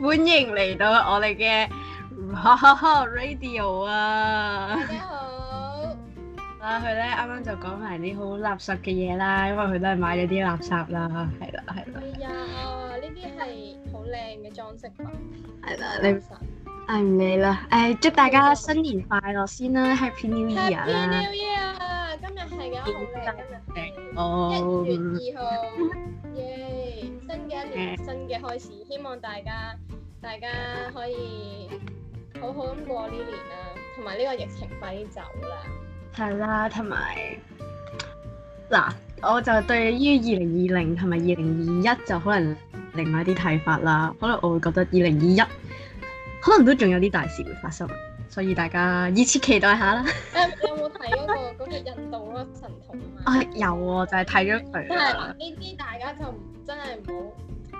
歡迎嚟到我哋嘅 Radio 啊！大家好，啊佢咧啱啱就講埋啲好垃圾嘅嘢啦，因為佢都係買咗啲垃圾啦，係啦係啦。係啊，呢啲係好靚嘅裝飾品。係啦，你唔理啦，誒祝大家新年快樂先啦，Happy New Year 啦！Happy New Year！今日係嘅好靚，一月二號，耶！新嘅一年，新嘅開始，希望大家。大家可以好好咁過呢年啦，啊，同埋呢個疫情快啲走啦。係啦，同埋嗱，我就對於二零二零同埋二零二一就可能另外一啲睇法啦。可能我會覺得二零二一可能都仲有啲大事會發生，所以大家以此期待下啦。有冇睇嗰個嗰 個印度神童啊？啊，有啊，就係睇咗佢。但係呢啲大家就真係唔好。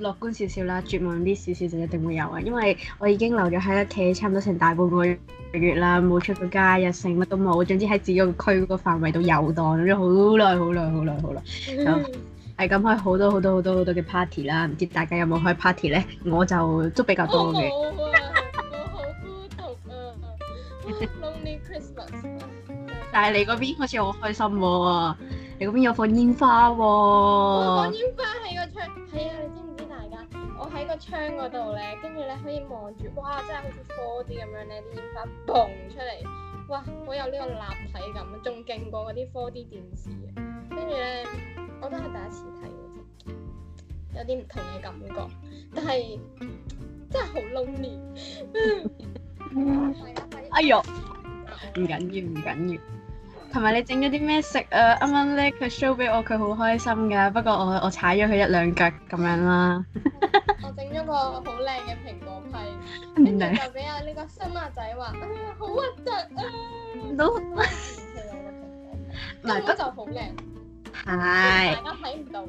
樂觀少少啦，絕望啲少少就一定會有啊。因為我已經留咗喺屋企，差唔多成大半個月啦，冇出過街又成乜都冇。總之喺自己區嗰個範圍度遊蕩咗好耐、好耐、 嗯、好耐、好耐，就係咁開好多好多好多好多嘅 party 啦。唔知大家有冇開 party 咧？我就都比較多嘅。我好孤獨啊！Lonely、哦、Christmas 但係你嗰邊好似好開心喎、啊，你嗰邊有放煙花喎、哦。放煙花喺個窗，係啊！喺個窗嗰度咧，跟住咧可以望住，哇！真係好似 four D 咁樣咧，啲煙花蹦出嚟，哇！好有呢個立體感，仲勁過嗰啲 four D 電視，跟住咧我都係第一次睇，有啲唔同嘅感覺，但係真係好 lonely。 哎呦，唔緊要，唔緊要。同埋你整咗啲咩食啊？啱啱咧佢 show 俾我，佢好開心噶。不過我我踩咗佢一兩腳咁樣啦。 我整咗個好靚嘅蘋果批，跟住、嗯、就俾阿呢個新亞仔話，哎呀，好核突啊！唔到 No。 唔係就好靚？係是。大家睇唔到。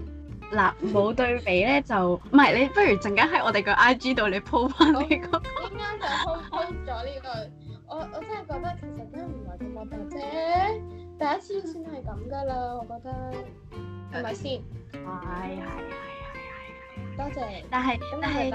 嗱，冇對比咧就唔係，你不如陣間喺我哋個 IG 度你 po 翻呢個，啱就 po 咗呢個，我我真係覺得其實真係唔係咁核突啫。第一次先係咁噶啦，我覺得係咪先？係係係係係。多謝。但係，但係，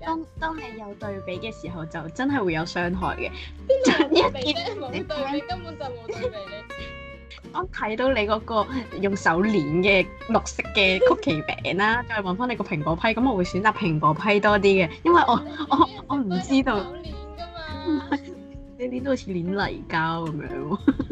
當當你有對比嘅時候，就真係會有傷害嘅。一冇對， 對比，根本就冇對比。當睇 到你嗰個用手捏嘅綠色嘅曲奇餅啦、啊， 再問翻你個蘋果批，咁我會選擇蘋果批多啲嘅，因為我 我我唔知道。用手捏㗎嘛？呢啲都好似捏泥膠咁樣。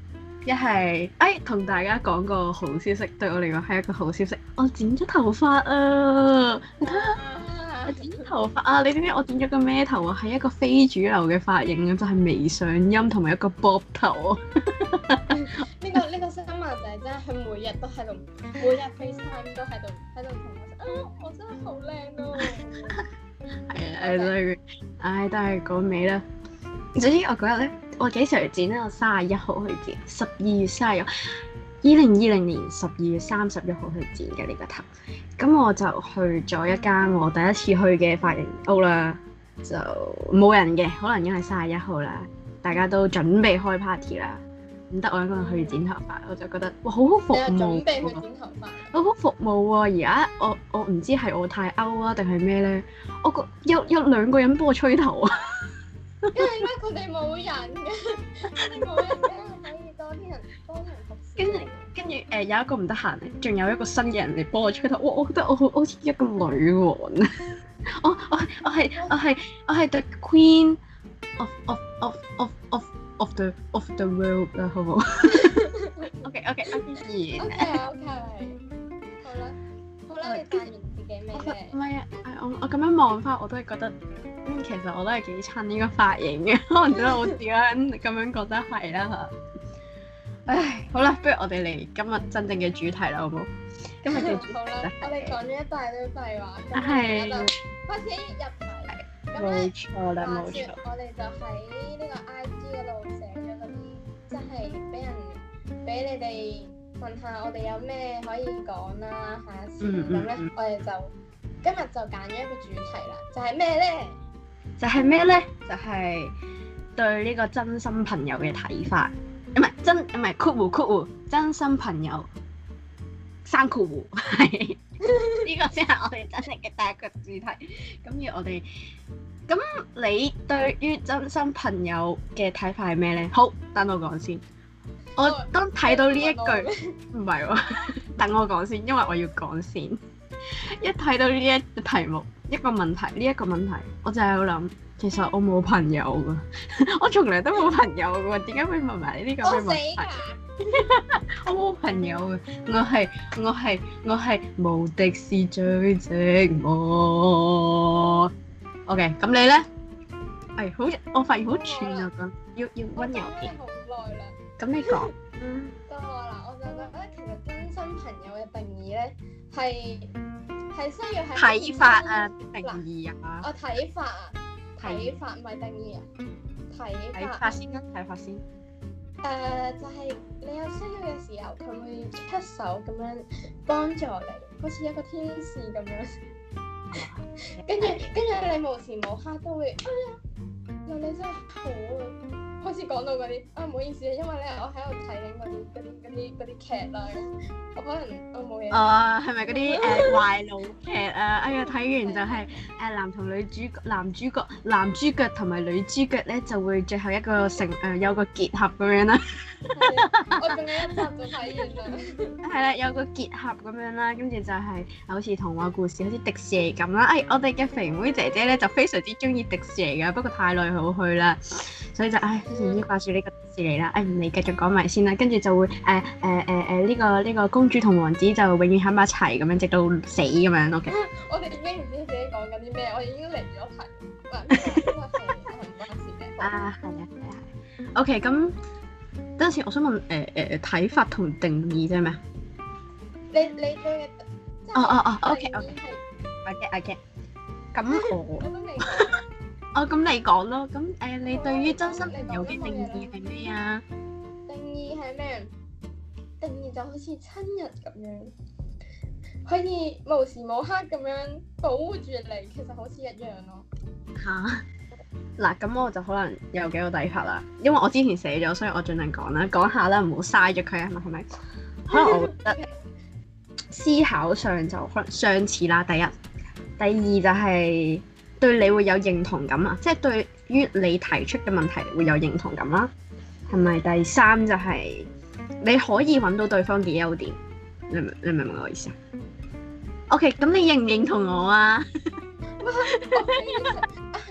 一係，哎，同大家講個好消息，對我嚟講係一個好消息，我剪咗頭髮啊！你睇下，我剪咗頭髮啊！你知唔知我剪咗個咩頭啊？係一個非主流嘅髮型就係、係、微上音同埋一個 Bob 頭啊！呢、 嗯這個呢、這個新聞仔真係，佢每日都喺度，每日 FaceTime 都喺度，喺度同我講，啊，我真係好靚咯！係啊， 唉都係像，唉都係講尾啦。總之我嗰日咧。我幾時去剪呢？我三十一號去剪，十二月三十一，二零二零年十二月三十一號去剪嘅呢個頭。咁我就去咗一間我第一次去嘅髮型屋啦，就冇人嘅，可能因為三十一號啦，大家都準備開 party 啦，唔得我一個人去剪頭髮，我就覺得哇，好好服務，準備去剪頭髮，好好服務喎啊。而家我我唔知係我太 out 啊，定係咩呢？我有有兩個人幫我吹頭啊！因為而家佢哋冇人，跟住冇人，所以多啲人幫人學。跟住，跟住，誒，有一個唔得閒，仲有一個新嘅人嚟幫我出頭。哇，我覺得我好似一個女王啊！我我我係我係我係我係 The Queen of of of of of of the of the world 啊！好冇？Okay，okay，ok，ok。Okay，okay。好啦，好啦，你睇。唔係啊，誒，我我咁樣望翻，我都係覺得，咁其實我都係幾襯呢個髮型嘅，可能都好我自己咁樣覺得係啦。 唉，好啦，不如我哋嚟今日真正嘅主題啦，好唔好？今日好啦，我哋講咗一大堆廢話，真係，開始入題。冇錯對呢啦，冇錯説。錯我哋就喺呢個 IG 嗰度寫咗嗰啲，即係俾人，俾你哋。問下我哋有咩可以講啦，啊，下次咁咧，嗯嗯嗯我哋就今日就揀咗一個主題啦，就係咩咧？就係咩咧？就係對呢個真心朋友嘅睇法，唔係真唔係 cool cool，真心朋友生括弧，係呢個先係我哋真正嘅第一個主題。咁而我哋咁你對於真心朋友嘅睇法係咩咧？好，等我講先。我都睇到呢一句，唔係喎，等我講先，因為我要講先。一睇到呢一題目，一個問題呢一個問題，我就係度諗，其實我冇朋友噶。 我從來都冇朋友噶，點解會問埋你呢啲咁嘅問題？ 我冇朋友噶，我係我係我係無敵是最寂寞。O K，咁你咧？係、哎、好，我發現好串啊，咁要要溫柔啲。咁你講，嗱，我就覺得其實真心朋友嘅定義咧，係係需要係睇法啊，定義啊，我睇法，睇法唔係定義啊，睇法。睇法先啊，睇法先。誒，就係你有需要嘅時候，佢會出手咁樣幫助你，好似一個天使咁樣。跟住，跟住你無時無刻都會。哎呀，有你真係好啊。開始講到嗰啲啊，唔、哎、好意思，因為咧我喺度睇緊嗰啲啲啲啲劇啦，我可能都冇嘢。啊、哦，係咪嗰啲誒壞腦劇啊？哎呀，睇完就係、係、誒、 呃、男同女主角，男主角男豬腳同埋女豬腳咧，就會最後一個成誒、 呃、有個結合咁樣啦。我仲有一集就睇完啦。係啦、 啊，有個結合咁樣啦，跟住就係好似童話故事，好似迪士尼咁啦。哎，我哋嘅肥妹姐姐咧就非常之中意迪士尼㗎，不過太耐冇去啦，所以就哎非常之掛住呢個迪士尼啦。哎，你繼續講埋先啦，跟住就會誒誒誒誒呢個呢、這個公主同王子就永遠喺埋一齊咁樣，直到死咁樣。O K。我哋已經唔知自己講緊啲咩，我哋已經嚟咗題。啊，係啊，係啊，O K，咁。真係，我想問誒誒睇法同定義啫係咩？你你對嘅哦哦哦，O K O K，I get I get。咁我哦咁你講咯，咁誒你對於真心朋友嘅定義係咩啊？ 定義係咩？定義就好似親人咁樣，可以無時無刻咁樣保護住你，其實好似一樣咯。吓？ 嗱，咁我就可能有幾個睇法啦，因為我之前寫咗，所以我盡量講啦，講下啦，唔好嘥咗佢啊嘛，係咪？ 可能我覺得思考上就可能相似啦，第一，第二就係對你會有認同感啊，即係對於你提出嘅問題會有認同感啦，係咪？第三就係你可以揾到對方嘅優點，你明？你明唔明我意思啊？OK，咁你認唔認同我啊？ okay.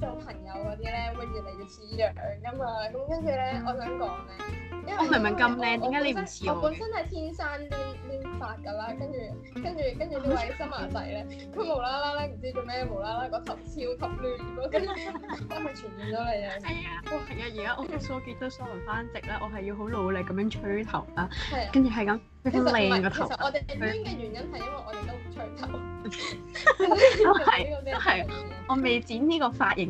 做朋友嗰啲咧，會越嚟越似樣㗎嘛，咁跟住咧，我想講咧，因為我明明咁靚，點解你唔似我？我本身係天生亂亂髮㗎啦，跟住跟住跟住呢位新牙仔咧，佢無啦啦咧唔知做咩，無啦啦個頭超級亂，我跟，我係傳染咗你啊！係啊，哇係啊，而家我梳幾多梳完翻直咧，我係要好努力咁樣吹頭啦，跟住係咁，靚個頭。其實我哋靚嘅原因係因為我哋都唔吹頭，都係都係，我未剪呢個髮型。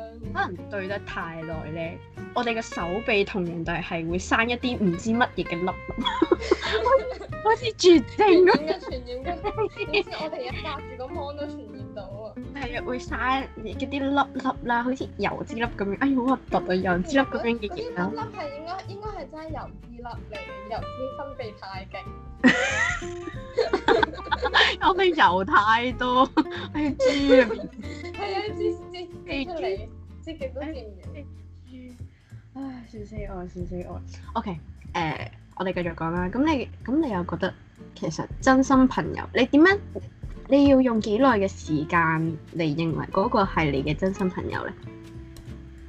可能對得太耐咧，我哋嘅手臂同人哋係會生一啲唔知乜嘢嘅粒粒， 好似絕症咁、啊、嘅傳染，跟 我哋一隔住個芒都傳染到啊！係啊，會生一啲粒粒啦，好似油脂粒咁樣。哎呀，好核突啊！油脂粒咁樣嘅嘢啊！啲粒係應該應該係真係油脂粒嚟嘅，油脂分泌太勁，我哋油太多，好似豬咁。係 啊，黐黐黐出 知嘅嗰段嘢，唉，笑死我，笑死我。OK，誒、呃，我哋繼續講啦。咁你，咁你又覺得其實真心朋友，你點樣？你要用幾耐嘅時間嚟認為嗰個係你嘅真心朋友呢？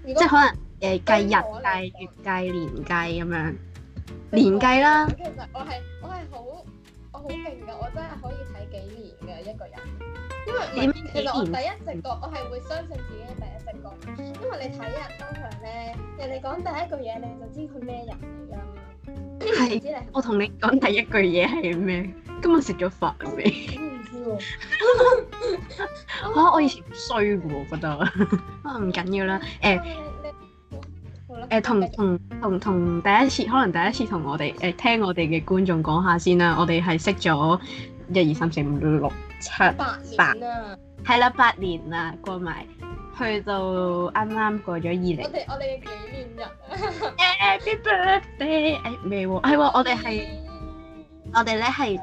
如果 即係可能誒、呃，計日計月計年計咁樣，年計啦。其實果、okay，我係我係好。好勁噶！我真係可以睇幾年嘅一個人，因為其實我第一直覺， 我係會相信自己嘅第一直覺，因為你睇人通常咧，人哋講第一句嘢你就知佢咩人嚟㗎嘛。係知啦、啊，我同你講第一句嘢係咩？今日食咗飯未？我唔知喎。我以前衰嘅，我覺得啊，唔緊要啦。誒、欸。 誒同同同同第一次，可能第一次同我哋誒聽我哋嘅觀眾講下先啦。我哋係識咗一二三四五六七八年啊，係啦，八年啦過埋去到啱啱過咗二零。我哋我哋紀念日，Happy Birthday！誒未喎？係喎，我哋係我哋咧係。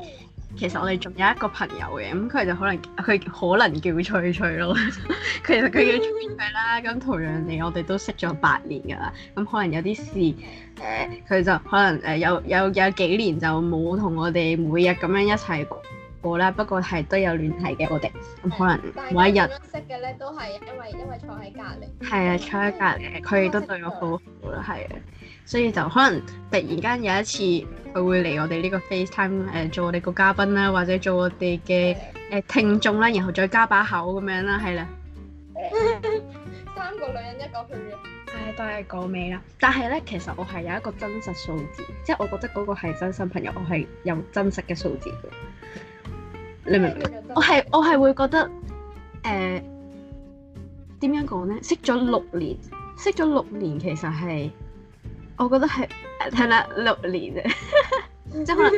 其實我哋仲有一個朋友嘅，咁佢就可能佢可能叫翠翠咯。 其實佢叫翠翠啦，咁同樣地我，我哋都識咗八年噶啦。咁可能有啲事，誒、呃，佢就可能誒有有有幾年就冇同我哋每日咁樣一齊過啦。不過係都有聯繫嘅，我哋咁可能每一日識嘅咧都係因為因為坐喺隔籬。係啊、嗯，坐喺隔籬，佢亦、嗯、都對我好好啦，係啊。所以就可能突然間有一次佢會嚟我哋呢個 FaceTime 誒、呃、做我哋個嘉賓啦，或者做我哋嘅誒聽眾啦，然後再加把口咁樣啦，係啦。三 個女人一個墟唉、哎，都係講尾啦。但係咧，其實我係有一個真實數字，即、就、係、是、我覺得嗰個係真心朋友，我係有真實嘅數字嘅。你明唔明？ 我係我係會覺得誒點樣講咧？呃、呢識咗六年，識咗六年其實係。我覺得係聽啦，六年 即係可能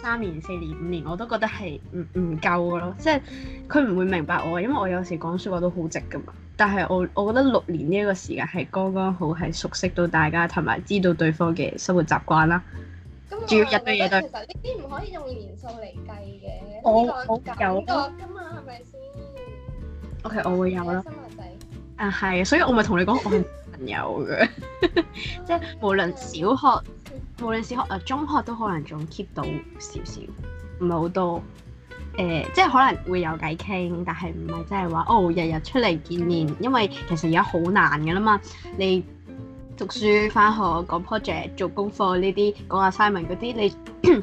三年、四年、五年，我都覺得係唔唔夠嘅咯。即係佢唔會明白我，因為我有時講說話都好直噶嘛。但係我我覺得六年呢一個時間係剛剛好係熟悉到大家同埋知道對方嘅生活習慣啦。咁、嗯，仲要日對夜對其實呢啲唔可以用年數嚟計嘅。哦、我好夠㗎嘛係咪先？OK，我會有咯、啊。生仔啊係，所以我咪同你講我係。 有嘅， 即係無論小學，無論小學誒中學都可能仲 keep 到少少，唔係好多。誒、呃，即係可能會有偈傾，但係唔係真係話哦，日日出嚟見面，嗯、因為其實而家好難噶啦嘛。你讀書翻學講 project 做功課呢啲，講 assignment 嗰啲，你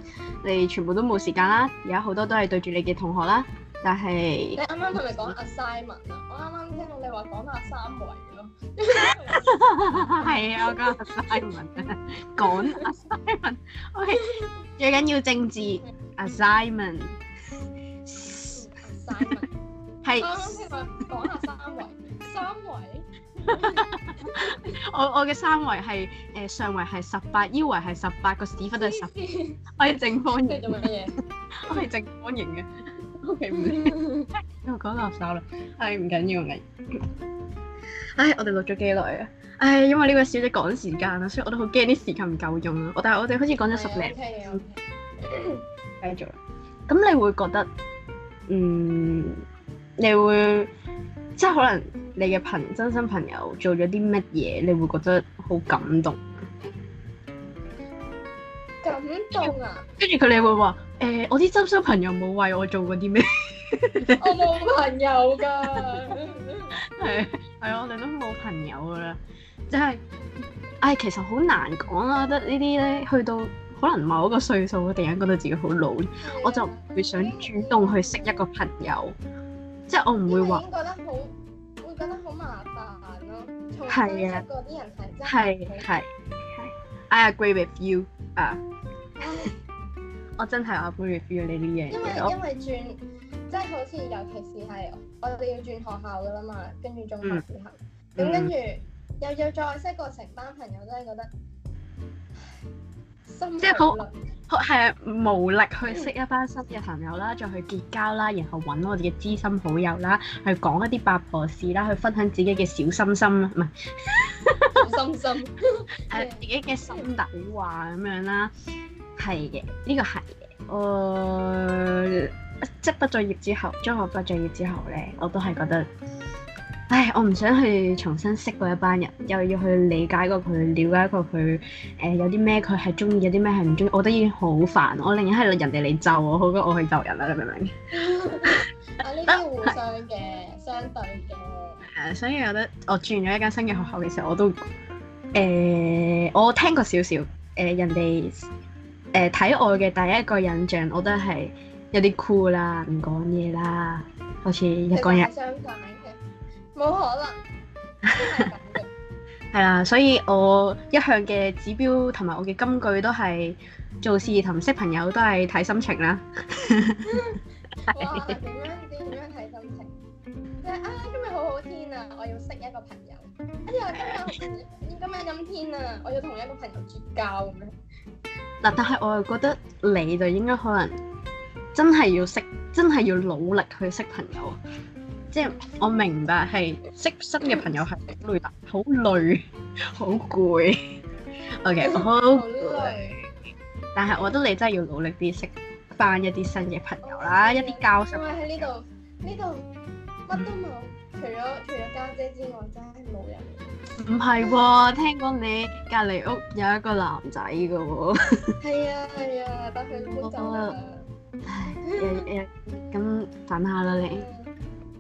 你全部都冇時間啦。而家好多都係對住你嘅同學啦，但係你啱啱係咪講 assignment 啊？我啱啱聽到你話講阿三圍。係啊，我講 assignment，講 assignment，O K，最緊要政治 assignment，assignment 係。我我聽講講下三圍，三圍。我我嘅三圍係誒上圍係十八，腰圍係十八，個屎忽都係十，我係正方形。你做乜嘢？我係正方形嘅。O K，又講到垃圾啦，係唔緊要嘅。唉，我哋錄咗幾耐啊！唉，因為呢位小姐趕時間啊，所以我都好驚啲時間唔夠用啊！我但係我哋好似講咗十零，聽嘢，咁、okay, okay. 繼續。你會覺得，嗯，你會即係可能你嘅朋真心朋友做咗啲乜嘢，你會覺得好感動。感動啊！跟住佢哋會話，誒、欸，我啲真心朋友冇為我做過啲咩？ 我冇朋友噶。 係係啊，我哋 都冇朋友噶啦，即、就、係、是、唉，其實好難講啦。覺得呢啲咧，去到可能某一個歲數我突然間，覺得自己好老，Yeah. 我就會想主動去識一個朋友，即、就、係、是、我唔會話覺得好會覺得好麻煩咯。係啊，嗰啲人係真係。係係係。I agree with you 啊！我真係我 agree with 你呢樣。因為因為轉。即係好似，尤其是係我哋要轉學校嘅啦嘛，跟住中學時候，咁、嗯、跟住又要再識過成班朋友，真係覺得，心即係好係無力去識一班新嘅朋友啦，嗯、再去結交啦，然後揾我哋嘅知心好友啦，去講一啲八婆事啦，去分享自己嘅小心心，唔係，小心心，誒自己嘅心底話咁樣啦，係嘅，呢、呢個係嘅，誒、呃。即係畢咗業之後，中學畢咗業之後咧，我都係覺得，唉，我唔想去重新識過一班人，又要去理解過佢，了解過佢，誒、呃，有啲咩佢係中意，有啲咩係唔中意，我覺得已經好煩。我寧願係人哋嚟咒我，好過我去咒人啦，你明唔明？ 啊，呢啲互相嘅，相對嘅。所以我覺得我轉咗一間新嘅學校嘅時候，我都誒、呃，我聽過少少，誒、呃，人哋誒睇我嘅第一個印象，我都係。有啲 cool 啦，唔講嘢啦，好似一講一。嘅，冇可能。係啊， 所以我一向嘅指標同埋我嘅根據都係做事同識朋友都係睇心情啦。哇， 點樣點樣睇心情，即係？啊，今日好好天啊，我要識一個朋友。啊、哎，又今日今日陰天啊，我要同一個朋友絕交咁樣。嗱，但係我又覺得你就應該可能。真係要識，真係要努力去識朋友。即係我明白係識新嘅朋友係好累，好累，好攰。OK，好累。但係我覺得你真係要努力啲識返一啲新嘅朋友啦，一啲教授。因為喺呢度，呢度乜都冇，除咗除咗家姐之外，真係冇人。唔係喎，聽講你隔離屋有一個男仔嘅喎。係啊係啊，但佢搬走啦。唉，日日咁等下啦你，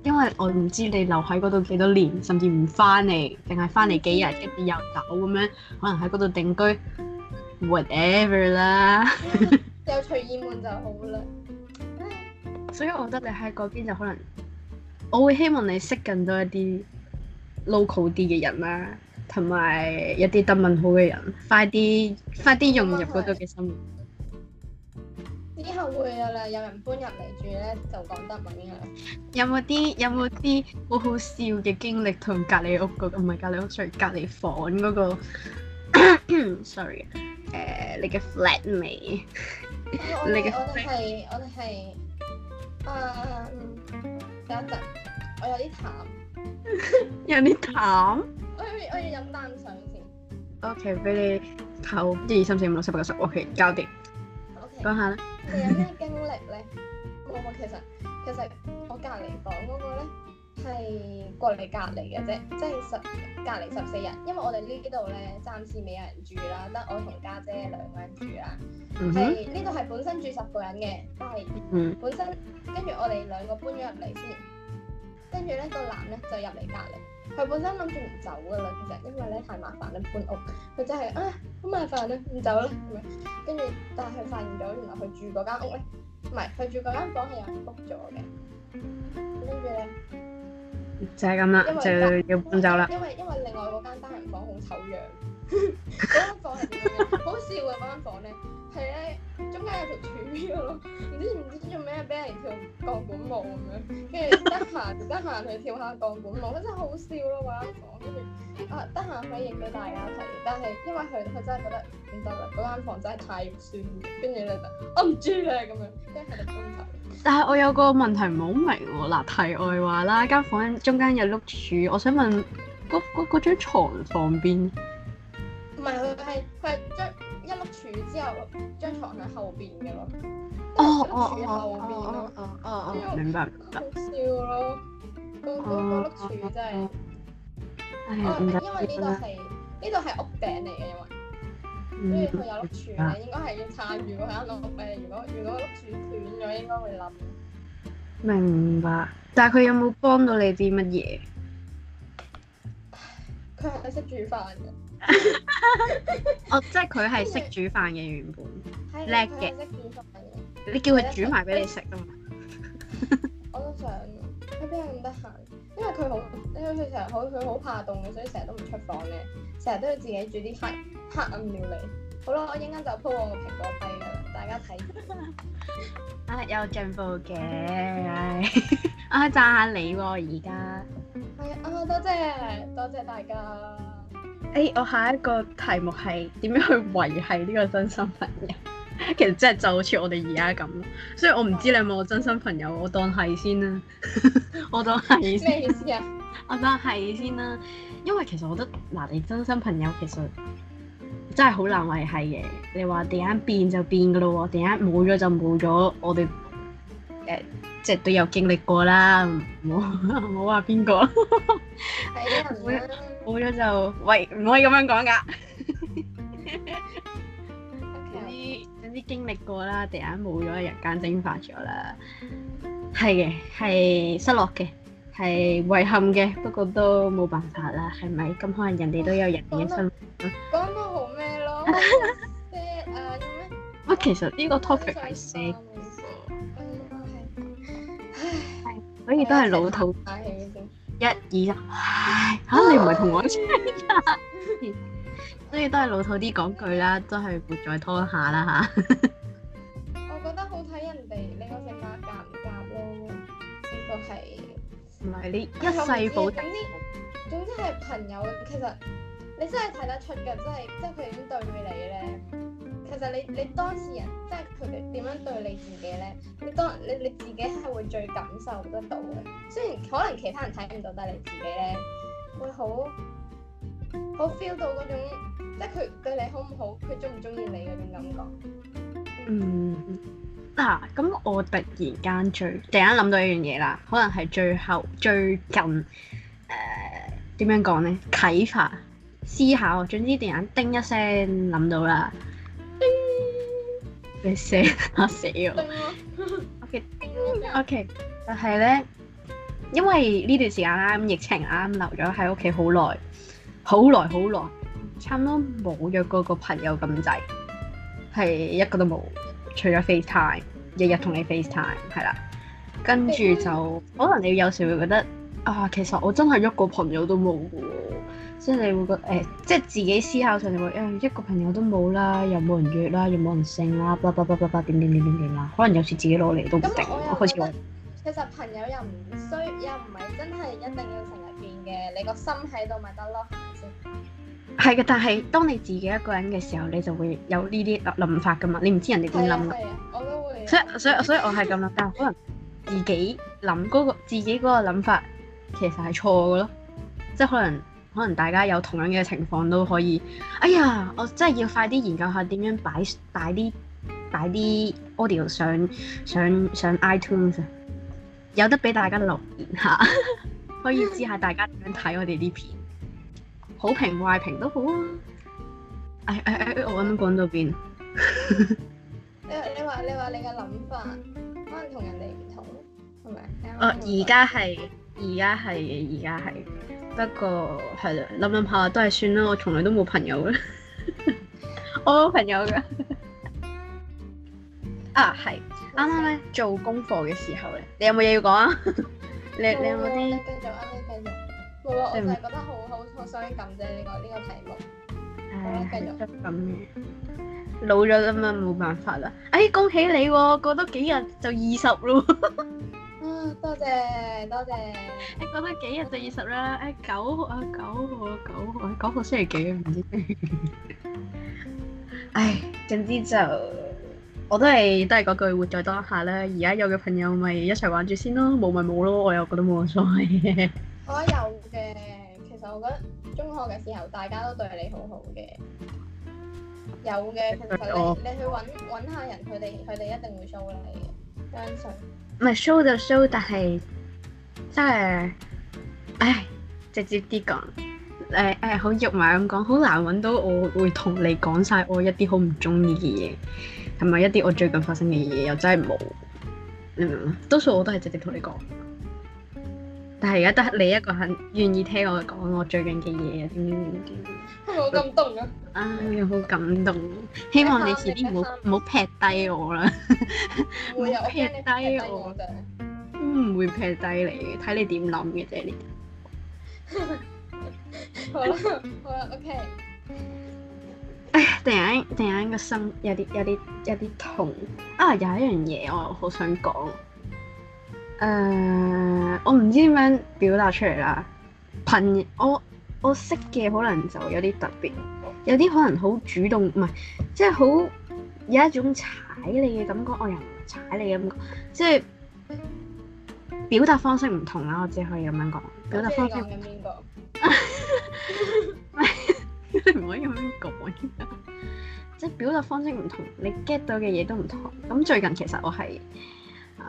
因為我唔知你留喺嗰度幾多年，甚至唔翻嚟，定係翻嚟幾日跟住又走咁樣，可能喺嗰度定居，whatever 啦。有隨意門就好啦。所以我覺得你喺嗰邊就可能，我會希望你識更多一啲 local 啲嘅人啦、啊，同埋一啲德文好嘅人，快啲快啲融入嗰度嘅生活。以後會噶啦，有人搬入嚟住咧就講得明噶啦。有冇啲，有冇啲好好笑嘅經歷，同隔籬屋嗰，唔係隔籬屋，所以隔籬房嗰、嗰個 ？Sorry，誒、呃，你嘅 flatmate 你嘅。我哋係我哋係誒，等一陣，我有啲淡， 有啲淡我。我要我要飲啖水先。OK，俾你唞一二三四五六七八九十，OK，搞掂。講下咧，你有咩經歷咧？我其實其實我隔籬房嗰個咧係過嚟隔離嘅啫，即係十隔離十四日。因為我哋呢度咧暫時未有人住啦，得我同家姐兩個人住啦。係呢度係本身住十個人嘅，但係本身跟住我哋兩個搬咗入嚟先，跟住咧個男咧就入嚟隔離。佢本身諗住唔走噶啦，其實因為咧太麻煩啦，搬屋，佢就係啊好麻煩啦唔走啦咁樣，跟住但係佢發現咗原來佢住嗰間屋咧，唔係佢住嗰間房係有人 book 咗嘅，跟住咧就係咁啦，就要搬走啦。因為因為另外嗰間單人房好醜樣。嗰 間房係點樣？ 好笑嘅嗰間房咧。係咧，中間有條柱咯，唔知唔知做咩，俾人跳鋼管舞咁樣，跟住得閒得閒去跳下鋼管舞，真係好笑咯！嗰間房跟住啊，得閒可以影俾大家睇，但係因為佢佢真係覺得唔得啦，嗰間房真係太酸，跟住咧就我唔知咧咁樣，跟住佢就搬走。但係我有個問題唔好明喎，嗱題外話啦，間房中間有碌柱，我想問嗰嗰嗰張牀放邊？唔係佢係佢係張。柱之後，張床喺後邊嘅咯，柱後面咯哦,哦,哦,哦，哦，哦，明白，嗯、好笑咯，嗰嗰碌柱真係，哦，因為呢度係呢度係屋頂嚟嘅，因為，所以佢有碌柱嘅，應該係要撐住嗰下碌嘅。如果如果碌柱斷咗，應該會冧。明白，但係佢有冇幫到你啲乜嘢？佢係識煮飯嘅。我、 哦、即係佢係識煮飯嘅，原本叻嘅。煮你叫佢煮埋俾你食啊嘛？ 我都想，但係邊有咁得閒？因為佢好，因為佢成日好，佢好怕凍嘅，所以成日都唔出房嘅，成日都要自己煮啲黑 黑暗料理。好啦，我陣間就 po 我個蘋果批噶啦，大家睇。 啊，有進步嘅，哎、 啊贊下你喎，啊，而家係啊，多謝多謝大家。誒、欸，我下一個題目係點樣去維繫呢個真心朋友？ 其實真係就好似我哋而家咁，所以我唔知你有冇真心朋友，我當係先啦。 我當係咩意思啊？ 我當係先啦，因為其實我覺得嗱，你真心朋友其實真係好難維繫嘅。你話突然間變就變噶咯，突然間冇咗就冇咗，我哋誒。呃即係都有經歷過啦，唔好唔好話邊個，係啊，冇咗就喂，唔可以咁樣講噶。總之總之經歷過啦，突然間冇咗，人間蒸發咗啦。係嘅，係失落嘅，係遺憾嘅，不過都冇辦法啦，係咪？咁可能人哋都有人嘅生活。講到好咩咯？即係誒咩？我其實呢個 topic 係寫。所以都係老土啲先， 一二啊！嚇、啊、你唔係同我一齊，哎、 所以都係老土啲講句啦，都係活在拖下啦嚇。呵呵，我覺得好睇人哋你個性格夾唔夾咯，呢個係唔係你一世保底？總之係朋友，其實你真係睇得出㗎，真係即係佢哋已經對你咧。其實你你當事人即係佢哋點樣對你自己咧？你當你你自己係會最感受得到嘅。雖然可能其他人睇唔到得，但你自己咧會好好 feel 到嗰種即係佢對你好唔好，佢鍾唔鍾意你嗰種感覺。嗯，嗱、啊、咁，我突然間最突然間諗到一樣嘢啦，可能係最後最近誒點、呃、樣講咧？啟發思考，總之突然間叮一聲諗到啦～你死吓、啊、死我！O K O K，但係咧，因為呢段時間啦，疫情啱咁留咗喺屋企好耐，好耐好耐，差唔多冇約過個朋友咁滯，係一個都冇，除咗 Face Time，日日同你 Face Time 係啦，跟住就 可能你有時會覺得啊，其實我真係一個朋友都冇嘅喎。即係你會覺誒，即係 inate 自己思考上就會誒，一個朋友都冇啦，又冇人約啦、啊，又冇人剩啦，blah blah blah 點點點點點啦，可能有時自己攞嚟都唔定，開始其實朋友又唔需，又唔係真係一定要成日見嘅，你個心喺度咪得咯，係咪先？係嘅，但係當你自己一個人嘅時候，嗯、你就會有呢啲諗法噶嘛。你唔知人哋點諗嘅，我都會。所以所 所以我係咁諗，但係可能自己諗嗰、嗰個自己嗰個諗法其實係錯嘅咯，即係可能。小飾可能大家有同樣嘅情況都可以。哎呀，我真係要快啲研究下點樣擺擺啲擺啲 audio 上上上 iTunes 有得俾大家留言下， 可以知下大家點樣睇我哋啲片，好評壞評都好啊。哎哎哎，我啱啱講到邊 ？你你話你話你嘅諗法可能同人哋唔同，係咪？哦，而家係。而家係，而家係，不過係啦，諗諗下都係算啦。我從來都冇朋友嘅，我冇朋友噶。啊，係，啱啱咧做功課嘅時候咧，你有冇嘢要講啊？你你有冇啲？繼續啊，繼續。冇啊，我就係覺得好好好想咁啫，呢個呢個題目。繼續。咁老咗咁樣，冇辦法啦。哎，恭喜你喎，過多幾日就二十咯。多謝多謝，你覺得幾日就二十啦？誒，九啊九號九號九號星期幾唔知？唉，總之就我都係都係嗰句活在當下啦。而家有嘅朋友咪一齊玩住先咯，冇咪冇咯，我又覺得冇錯嘅。我有嘅，其實我覺得中學嘅時候大家都對你好好嘅，有嘅。其實你你去搵搵下人，佢哋佢哋一定會 show 你嘅，相信。唔係 show 就 show，但係真係，唉，直接啲講，誒誒，好肉麻咁講，好難揾到我會同你講晒我一啲好唔中意嘅嘢，同埋一啲我最近發生嘅嘢，又真係冇，嗯，多數我都係直接同你講。但係而家得你一個肯願意聽我講我最近嘅嘢啊點點點點好感動啊？哎好感動！希望你遲啲唔好唔好撇低我啦，唔會撇低我，唔會撇低你，睇你點諗嘅啫呢？好啦，好 OK。哎呀，突然間突然間個心有啲有啲有啲痛啊！有一樣嘢我好想講。誒，uh, 我唔知點樣表達出嚟啦。朋我我識嘅可能就有啲特別，有啲可能好主動，唔係即係好有一種踩你嘅感覺，我又唔踩你嘅感覺，即係表達方式唔同啦。我只可以咁樣講，表達方式唔同。講 緊 你唔可以咁樣講。即係表達方式唔同，你 get 到嘅嘢都唔同。咁最近其實我係。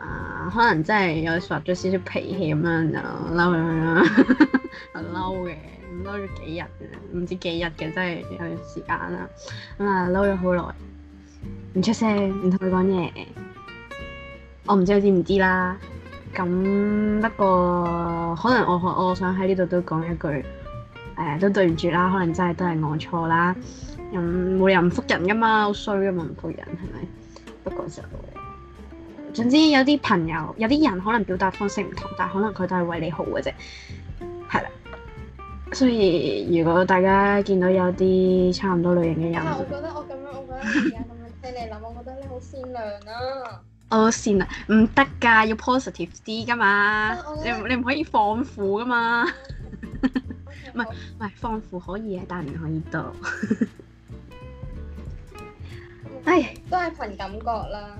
啊，可能真係有發咗少少脾氣，咁樣就嬲，咁樣，嬲嘅咁嬲咗幾日，唔知幾日嘅真係有時間啦，咁啊嬲咗好耐，唔出聲，唔同佢講嘢，我唔知佢知唔知啦。咁不過可能我我想喺呢度都講一句，誒、呃、都對唔住啦，可能真係都係我錯啦，冇理由唔覆人噶嘛，好衰噶嘛，唔覆人係咪？不過就。總之有啲朋友，有啲人可能表達方式唔同，但係可能佢都係為你好嘅啫，係啦。所以如果大家見到有啲差唔多類型嘅人，我覺得我咁樣，我覺得而家咁樣聽你諗， 我覺得你好善良啊。我善良，唔得噶，要 positive 啲噶嘛，你你唔可以放負噶嘛。唔係唔係，放負可以啊，但係唔可以多。唉， 都係憑感覺啦。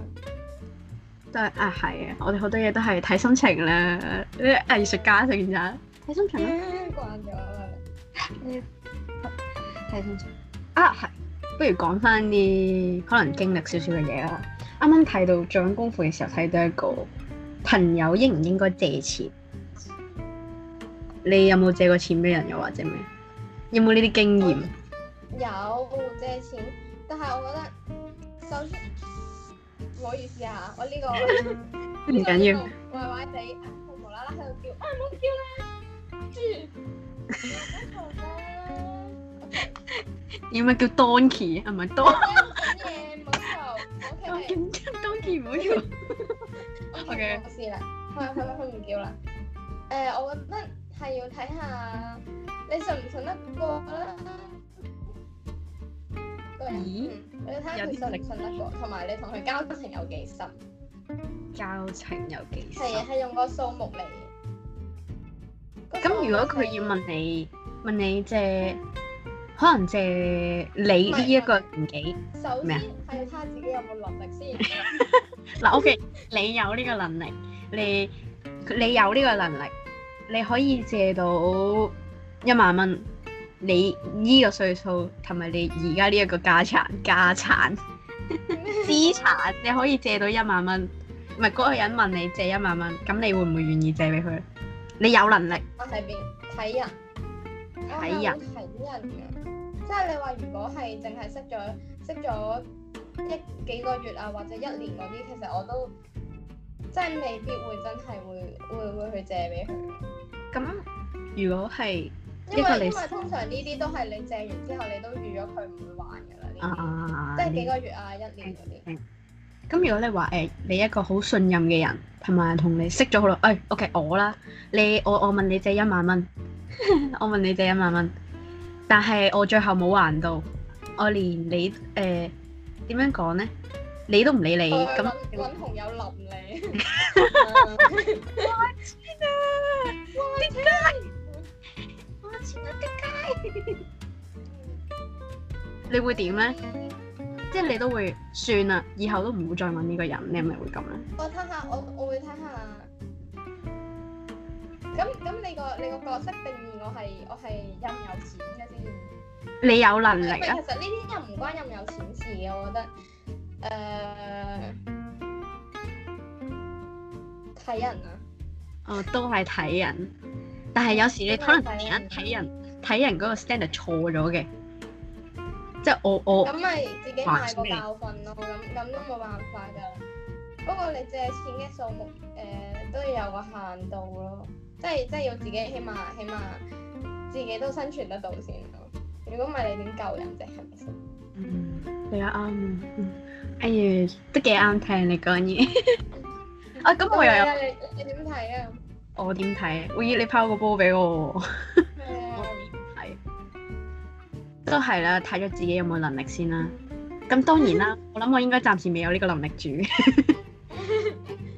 啊啊係啊！我哋好多嘢都係睇心情啦，啲藝術家成日睇心情咯，慣咗啦，睇心情。啊係，不如講返啲可能經歷少少嘅嘢啦。啱啱睇到做緊功夫嘅時候睇到一個朋友應唔應該借錢？你有冇借過錢俾人又或者咩？有冇呢啲經驗？有借錢，但係我覺得首先。唔好意思啊，我呢、這個唔緊要，壞壞地，無啦啦喺度叫啊，啊唔好叫啦，住。要咪叫 Donkey？係咪 Donkey 嘢？唔好叫，我叫 k 啲企唔好叫。OK，我試啦，係咪佢唔叫啦。誒，我覺得係要睇下你信唔信得過啦。咦？你睇下有啲能力信得過，同埋你同佢交情有幾深？交情有幾深？係係用個數目嚟。咁如果佢要問你，問你借，可能借你呢一個年紀。首先係睇下自己有冇能力先。嗱，OK，你有呢個能力，你你有呢個能力，你可以借到一萬蚊。你呢個歲數同埋你而家呢一個家產、家產、 資產，你可以借到一萬蚊，唔係嗰個人問你借一萬蚊，咁你會唔會願意借俾佢？你有能力。我係邊睇人，睇人睇人嘅，即係你話如果係淨係識咗識咗一幾個月啊，或者一年嗰啲，其實我都即係未必會真係會會會去借俾佢。咁如果係？因為因為通常呢啲都係你借完之後，你都預咗佢唔會還噶啦，呢啲即係幾個月啊、一年嗰啲。咁如果你話誒，你一個好信任嘅人，同埋同你識咗好耐，誒，OK，我啦，你我我問你借一萬蚊，我問你借一萬蚊，但係我最後冇還到，我連你誒點樣講咧，理都唔理你，咁揾紅油淋你。你會點咧？嗯、即係你都會算啦，以後都唔會再搵呢個人，你係咪會咁咧？我睇下，我我會睇下。咁咁，你個你個角色定義，我係我係任有錢嘅先？你有能力啊？其實呢啲又唔關任有錢事嘅，我覺得誒，睇、呃、人啊。哦，都係睇人。但係有時你可能睇人睇人嗰個 standard 錯咗嘅，嗯、即係我我，咁咪自己買個教訓咯。咁咁都冇辦法㗎。不過你借錢嘅數目誒、呃、都要有個限度咯，即係即係要自己起碼起碼自己都生存得到先。如果唔係你點救人啫？嗯，你較、啊、啱。嗯，哎呀，都幾啱聽你講嘢。 啊，咁我又，有。你你點睇啊？我點睇？我依你拋個波俾我，麼我睇？都係啦，睇咗自己有冇能力先啦。咁當然啦， 我諗我應該暫時未有呢個能力住、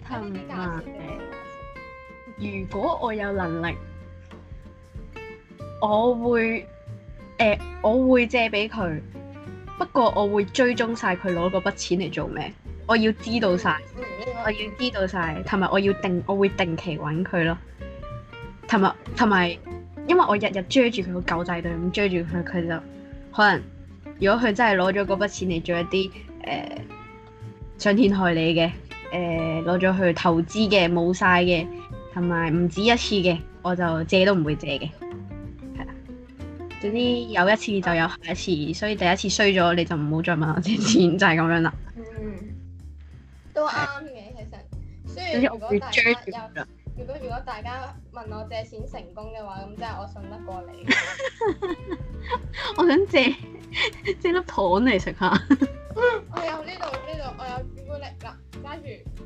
呃。如果我有能力，我會誒、呃，我會借俾佢。不過我會追蹤晒佢攞嗰筆錢嚟做咩？我要知道晒，我要知道晒，同埋我要定，我會定期揾佢咯。同埋同埋，因為我日日追住佢個狗仔隊，咁追住佢，佢就可能，如果佢真係攞咗嗰筆錢嚟做一啲誒傷天害理嘅，誒攞咗去投資嘅，冇晒嘅，同埋唔止一次嘅，我就借都唔會借嘅，係啦。總之有一次就有下一次，所以第一次衰咗，你就唔好再問我借錢，就係咁樣啦。都啱嘅，其實的，所以，如果大家有，如果如果大家問我借錢成功嘅話，咁即係我信得過你。 我想借借粒糖嚟食下 我。我有呢度呢度，我有朱古力啦，揸住。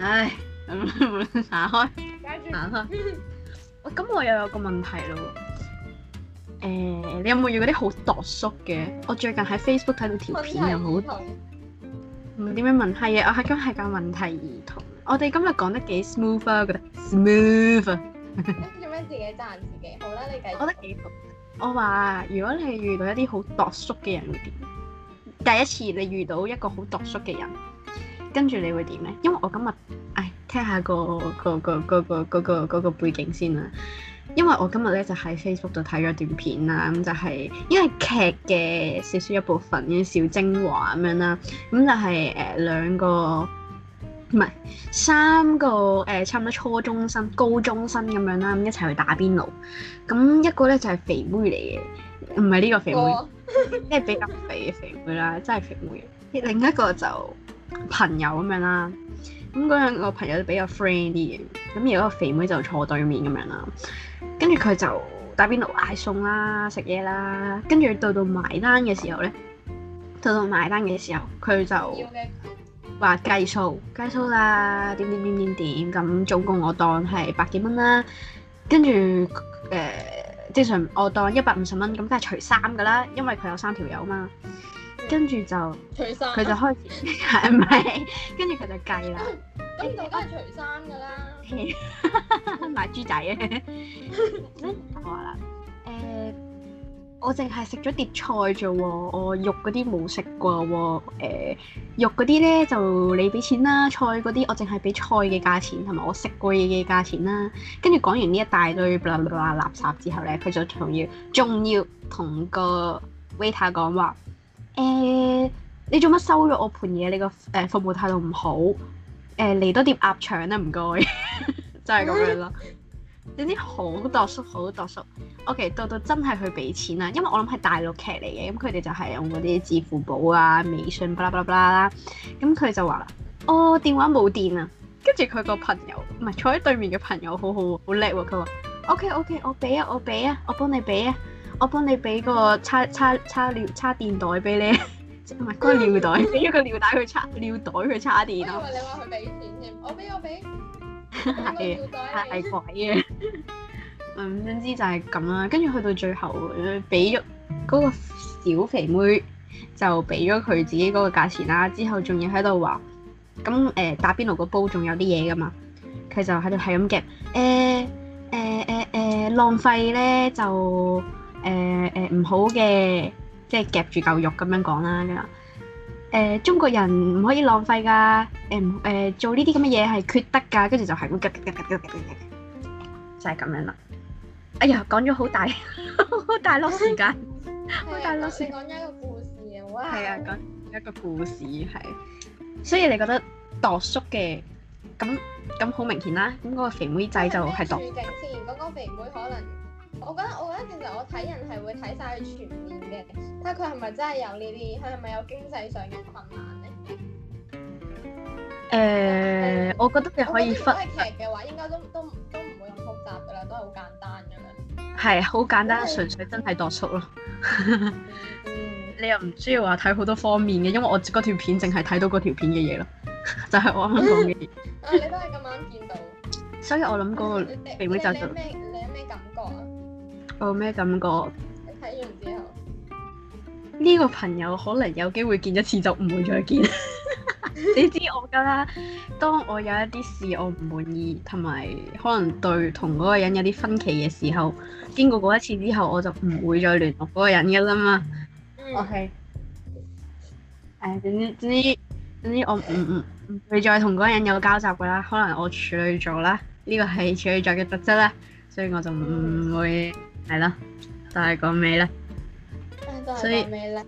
唉，打開，打開。咁我又有個問題咯。喎、欸。你有冇要過啲好度縮嘅？嗯、我最近喺 Facebook 睇到條片有好。唔點樣問？係啊，我係今係個問題兒童。我哋今日講得幾 smooth 啊！我覺得 smooth 啊！做 咩自己贊自己？好啦，你繼續講，覺得幾好？我話如果你遇到一啲好咄縮嘅人會點？第一次你遇到一個好咄縮嘅人，跟住你會點咧？因為我今日唉、哎，聽下個個個個個個個個背景先啦。因為我今日咧就喺 Facebook 度睇咗段片啦，咁、嗯、就係、是、因為劇嘅少少一部分嘅小精華咁樣啦，咁、嗯、就係、是、誒、呃、兩個唔係三個誒、呃，差唔多初中生、高中生咁樣啦，咁、嗯、一齊去打邊爐。咁一個咧就係、是、肥妹嚟嘅，唔係呢個肥妹，即係、oh. 比較肥嘅肥妹啦，真係肥妹。另一個就朋友咁樣啦，咁、嗯、嗰兩個朋友比較 friend 啲嘅，咁如果個肥妹就坐對面咁樣啦。跟住佢就打邊爐嗌餸啦，食嘢啦。跟住到到埋單嘅時候呢，到到埋單嘅時候，佢就話計數，計數啦，點點點點點，咁總共我當係百幾蚊啦。跟住誒，正常我當一百五十蚊，咁梗係除三㗎啦，因為佢有三條友嘛。跟住就，除三，佢就開始係咪？跟住佢就計啦。呢度都係除衫噶啦，賣豬仔呀。我話啦，誒，我淨係食咗碟菜啫喎，我肉嗰啲冇食過喎。肉嗰啲咧就你俾錢啦，菜嗰啲我淨係俾菜嘅價錢，同埋我食過嘢嘅價錢啦。跟住講完呢一大堆 b 垃圾之後咧，佢就仲要仲要同個 waiter 講話誒，你做乜收咗我盤嘢？你個誒服務態度唔好。誒嚟、呃、多碟鴨腸啦，唔該， 就係咁樣咯。有啲好度叔，好度叔，OK，到到真係去俾錢啦，因為我諗係大陸劇嚟嘅，咁佢哋就係用嗰啲支付寶啊、微信、巴拉巴拉巴拉啦。咁、嗯、佢就話啦，哦，電話冇電啊！跟住佢個朋友，唔係坐喺對面嘅朋友，好好，好叻喎、哦。佢話：OK，OK，我俾啊，我俾啊，啊，我幫你俾啊，我幫你俾個叉叉叉料叉，叉電袋俾你。 同埋嗰個尿袋，一 個尿袋去插，尿袋去差電啦。我你話佢俾錢嘅，我俾我俾。係啊，係鬼嘅。總之、 嗯、就係咁啦。跟住去到最後，俾咗嗰個小肥妹就俾咗佢自己嗰個價錢啦。之後仲要喺度話，咁誒、呃、打邊爐個煲仲有啲嘢噶嘛。佢就喺度係咁夾，誒誒誒誒，浪費咧就誒誒唔好嘅。即係夾住嚿肉咁樣講啦，咁誒、呃、中國人唔可以浪費㗎，誒、呃、誒、呃、做呢啲咁嘅嘢係缺德㗎，跟住就係會吉吉吉吉吉吉，就係、是、咁樣啦。哎呀，講咗好大好 大粒時間，好大粒時講咗一個故事啊！哇，係啊，講一個故事係，所以你覺得度叔嘅咁咁好明顯啦，咁、那、嗰個肥妹仔就係度處境是個肥妹可能。我覺得我覺得其實我睇人係會睇晒佢全面嘅，睇佢係咪真係有呢啲，佢係咪有經濟上嘅困難咧？誒、哎， 我覺得你可以分劇嘅話，應該都都都唔會咁複雜噶啦，都係好簡單噶啦。係好簡單，純粹真係度數咯。 嗯嗯、 你又唔需要話睇好多方面嘅，因為我嗰條片淨係睇到嗰條片嘅嘢咯，就係、是、我啱啱講嘅嘢。你都係咁啱見到。所以我諗嗰個妹妹就係。 有咩感覺？睇完之後，呢個朋友可能有機會見一次，就唔會再見。 你知我噶啦，當我有一啲事我唔滿意，同埋可能對同嗰個人有啲分歧嘅時候，經過嗰一次之後，我就唔會再聯絡嗰個人噶啦嘛。O K，誒，總之總之總之我唔唔唔會再同嗰個人有交集噶啦。可能我處女座啦，呢、這個係處女座嘅特質啦，所以我就唔會。嗯係咯，就係講咩咧？呢所以係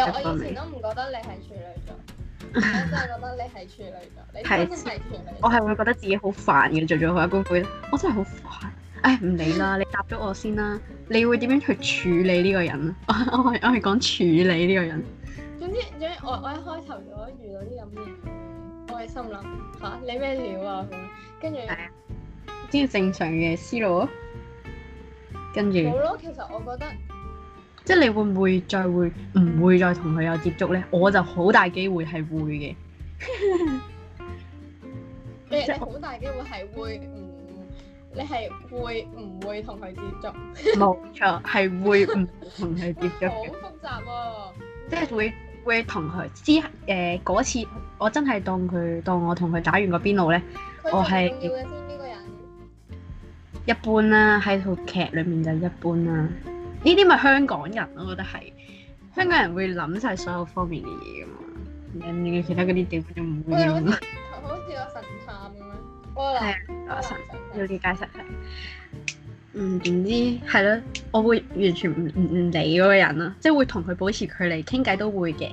啊，了是我以前都唔覺得你係處女座， 我真係覺得你係處女座。係 我係會覺得自己好煩嘅，做咗佢阿公公，我真係好煩。唉、哎，唔理啦，你答咗我先啦。你會點樣去處理呢個人？ 我我係我係講處理呢個人。總之總之，我我一開頭如果遇到啲咁嘅嘢，我係心諗吓你咩料啊？咁跟住先正常嘅思路。跟住好咯，其實我覺得，即係你會唔會再會唔會再同佢有接觸咧？我就好大機會係會嘅。你你好大機會係會唔？你係會唔會同佢接觸？冇錯，係會唔同佢接觸。好複雜喎！即係會會同佢之後，誒，嗰次，我真係當佢當我同佢打完個邊路咧，我係。一般啦、啊，喺套劇裏面就一般啦、啊。呢啲咪香港人、啊、我覺得係香港人會諗晒所有方面嘅嘢噶嘛。人、嗯、其他嗰啲地方就唔會啦、欸。好似個神探咁啊！神、哦、 神，有啲介紹係。嗯，總之係咯，我會完全唔唔唔理嗰個人啊，即係會同佢保持距離，傾偈都會嘅。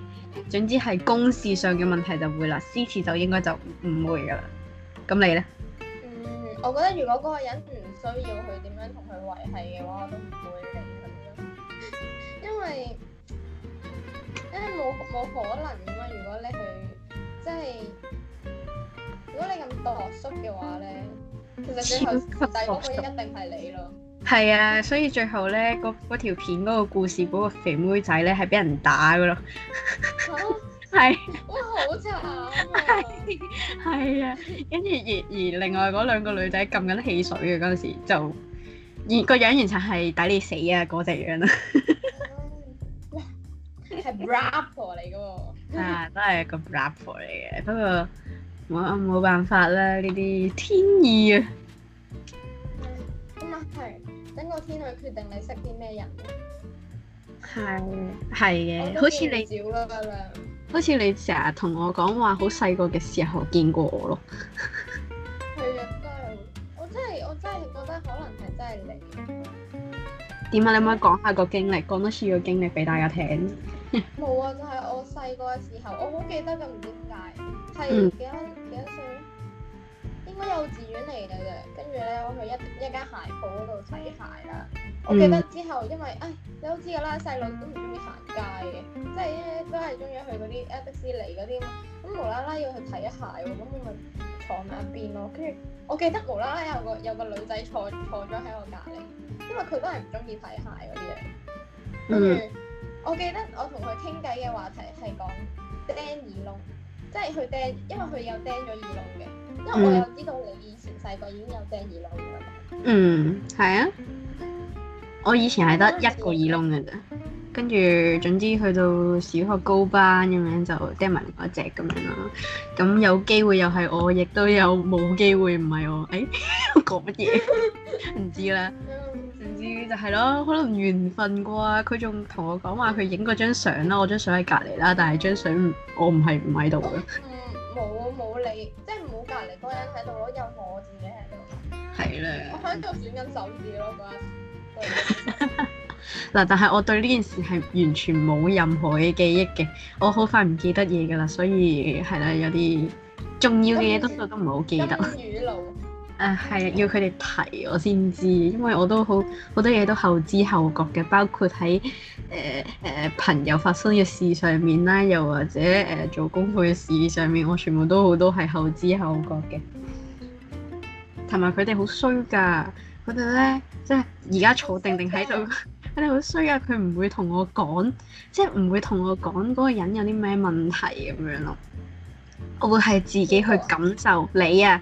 總之係公事上嘅問題就會啦，私事就應該就唔會噶啦。咁你咧？嗯，我覺得如果嗰個人唔需要佢點樣同佢維係嘅話，我都唔會理佢咯。因為因為冇冇可能咁啊！如果你去即係如果你咁咄縮嘅話咧，其實最後第二個弟弟一定係你咯。係啊，所以最後咧，嗰條片嗰個故事嗰、嗰個肥妹仔咧，係俾、嗯、人打噶咯。 啊係，哇好慘！係係啊，跟住而而另外嗰兩個女仔撳緊汽水嘅嗰陣時，就而個樣完全係抵你死啊！嗰隻樣啊，哇，係 rapper 嚟嘅喎，係都係個 rapper 嚟嘅，不過我冇辦法啦，呢啲天意啊。咁啊係，等個天去決定你識啲咩人。係係嘅，好似你。少啦，嗰兩。好似你成日同我講話，好細個嘅時候見過我咯。係 啊，真 係，我真係我真係覺得可能係真係你。點啊？你可唔可以講下個經歷？講多次個經歷俾大家聽。冇 啊，就係我細個嘅時候，我好記得唔知點解，係幾多幾多歲？幼稚園嚟嘅啫，跟住咧我去一一間鞋鋪嗰度睇鞋啦。我記得之後因為，唉，你都知噶啦，細路都唔中意行街嘅，即係咧都係中意去嗰啲 adidas 嚟嗰啲嘛。咁無啦啦要去睇鞋，咁我咪坐埋一邊咯。跟住我記得無啦啦有個有個女仔坐坐咗喺我隔籬，因為佢都係唔中意睇鞋嗰啲嘢。跟住我記得我同佢傾偈嘅話題係講丹尼隆。即係佢釘，因為佢有釘咗耳窿嘅。因為我又知道你以前細個已經有釘耳窿㗎喇。嗯，係啊。我以前係得一個耳窿嘅啫，跟住總之去到小學高班咁樣就釘埋另一隻咁樣喇。咁有機會又係我，亦都有冇機會唔係我。誒、哎，講乜嘢？唔 知啦。就係咯，可能緣分啩。佢仲同我講話，佢影過張相啦，我張相喺隔離啦，但係張相我唔係唔喺度嘅。嗯，冇，冇理，即係冇隔離嗰人喺度咯，有我自己喺度。係啦的。 我喺度轉緊手指咯嗰陣。嗱，但係我對呢件事係完全冇任何嘅記憶嘅。我好快唔記得嘢㗎啦，所以係啦，有啲重要嘅嘢魚都都唔好記得。啊，係啊，要佢哋提我先知，因為我都好好多嘢都後知後覺嘅，包括喺誒、誒朋友發生嘅事上面啦，又或者誒、呃、做功課嘅事上面，我全部都好多係後知後覺嘅。同埋佢哋好衰噶，佢哋咧，即係而家坐定定喺度，佢哋好衰啊！佢唔會同我講，即係唔會同我講嗰個人有啲咩問題咁樣咯。我會係自己去感受、嗯、你啊。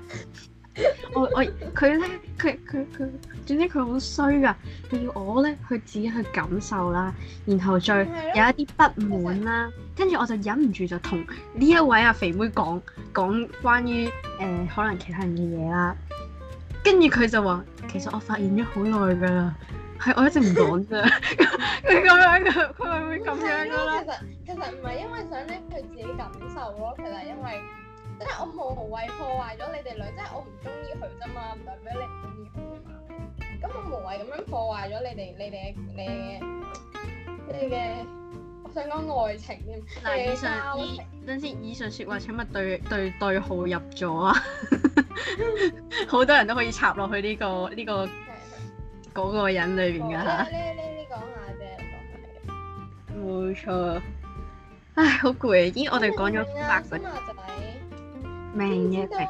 我我佢咧佢佢佢，總之佢好衰噶，要我咧去自己去感受啦，然後再有一啲不滿啦，跟住實我就忍唔住就同呢一位阿肥妹講講關於誒、呃、可能其他人嘅嘢啦，跟住佢就話其實我發現咗好耐噶啦，係我一直唔講咋，佢咁 樣噶，佢會會咁樣噶啦。其實其實唔係因為想拎佢自己感受咯，其實因為。即係我,我無謂破壞咗你哋兩，即係我唔中意佢啫嘛，唔代表你唔中意佢嘛。咁我無謂咁樣破壞咗你哋、你哋、你嘅、你嘅。我想講愛情添。嗱，以上歐等先，以上説話、嗯、請勿對對對號入座啊！ 好多人都可以插落去呢、呢個呢、呢個嗰的個人裏邊㗎嚇。呢呢講下啫，冇錯。唉，好攰，咦，我哋講咗百份。明嘅明，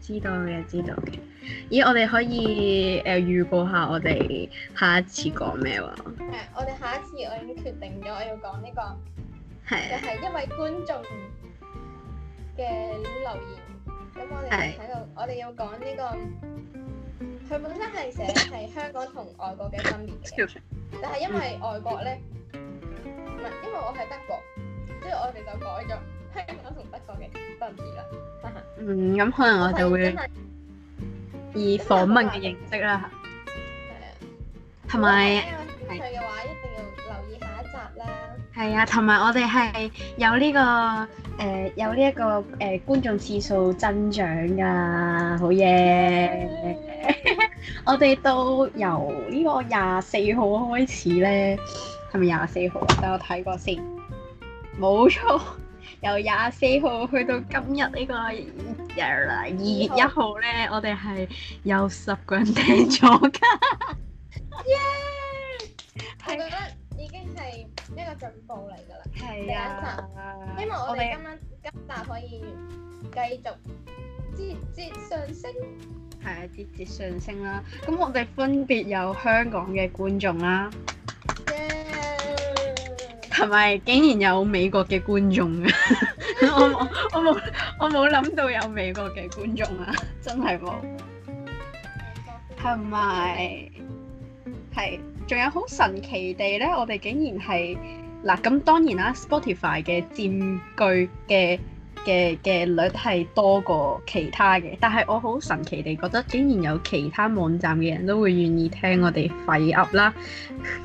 知道嘅知道嘅。咦，我哋可以誒預告下我哋下一次講咩話？誒，我哋下一次我已經決定咗，我要講呢個，就係因為觀眾嘅留言。咁我哋喺度，我哋要講呢個，佢本身係寫係香港同外國嘅分別嘅，但係因為外國咧，唔係，因為我係德國，所以我哋就改咗。係我同北角嘅都唔知啦。哈哈嗯，咁可能我就會以訪問嘅形式啦。係啊、嗯，同埋係嘅話的一定要留意下一集啦。係啊，同埋我哋係有呢、這個誒、呃、有呢、這、一個誒、呃、觀眾次數增長噶，好嘢！ 我哋都由呢個廿四號開始咧，係咪廿四號啊？等我睇過先，冇錯。由廿四號去到今日呢個日啦，二月一號咧，我哋係有十個人聽咗耶！係覺得已經係一個進步嚟㗎啦。係啊，因為我哋今晚們今集可以繼續節節上升，係、啊、節節上升啦、啊。咁我哋分別有香港嘅觀眾啦、啊。係咪竟然有美國嘅觀眾啊？ 我冇，我冇，我冇諗到有美國嘅觀眾啊！真係冇。係咪？係，仲有好神奇地咧，我哋竟然係，嗱，咁當然啦，Spotify 嘅佔據嘅。嘅嘅率係多過其他嘅，但係我好神奇地覺得，竟然有其他網站嘅人都會願意聽我哋廢噏啦，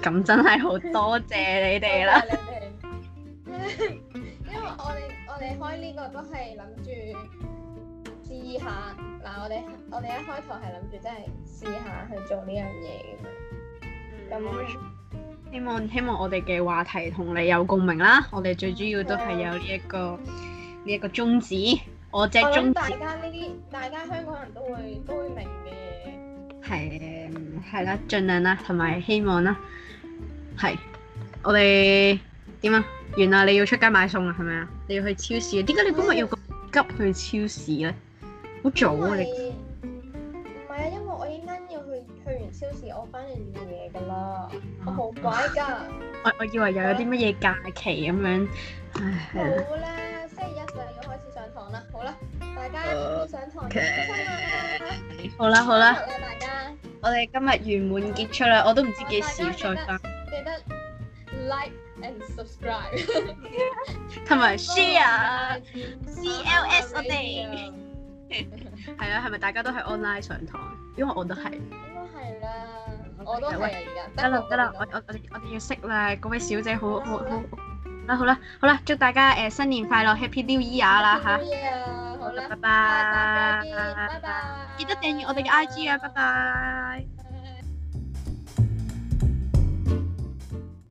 咁 真係好多謝你哋啦！ 因為我哋我哋開呢個都係諗住試下，嗱，我哋我哋一開頭係諗住真係試下去做呢樣嘢，咁希望希望我哋嘅話題同你有共鳴啦，我哋最主要都係有呢一個。 呢一個宗旨，我即係宗旨。我諗大家呢啲，大家香港人都會都會明嘅。係係啦，盡量啦，同埋希望啦。係，我哋點啊？原來你要出街買餸啊？係咪啊？你要去超市？點解、嗯、你今日要急去超市咧？好為早啊！你唔係啊，因為我依家要去去完超市，我翻嚟做嘢㗎啦，好乖㗎。我我以為又有啲乜嘢假期咁樣，嗯、唉，好啊。一樣要開始上堂啦，好啦，大家都上堂，開心啦，好啦好啦，好啦大家，我哋今日圓滿結束啦，我都唔知幾時再翻記得 like and subscribe，同埋 share，CLS 我哋，係啊係咪大家都喺 online 上堂？因為我都係，應該係啦，我都係，得啦得啦，我我我哋我哋要識啦，嗰位小姐好好好。好啦，好啦，祝大家、呃、新年快樂，Happy New Year 啦嚇！好啦，拜拜，拜拜，記得訂閱我哋嘅 IG 啊，拜拜 bye。Bye bye。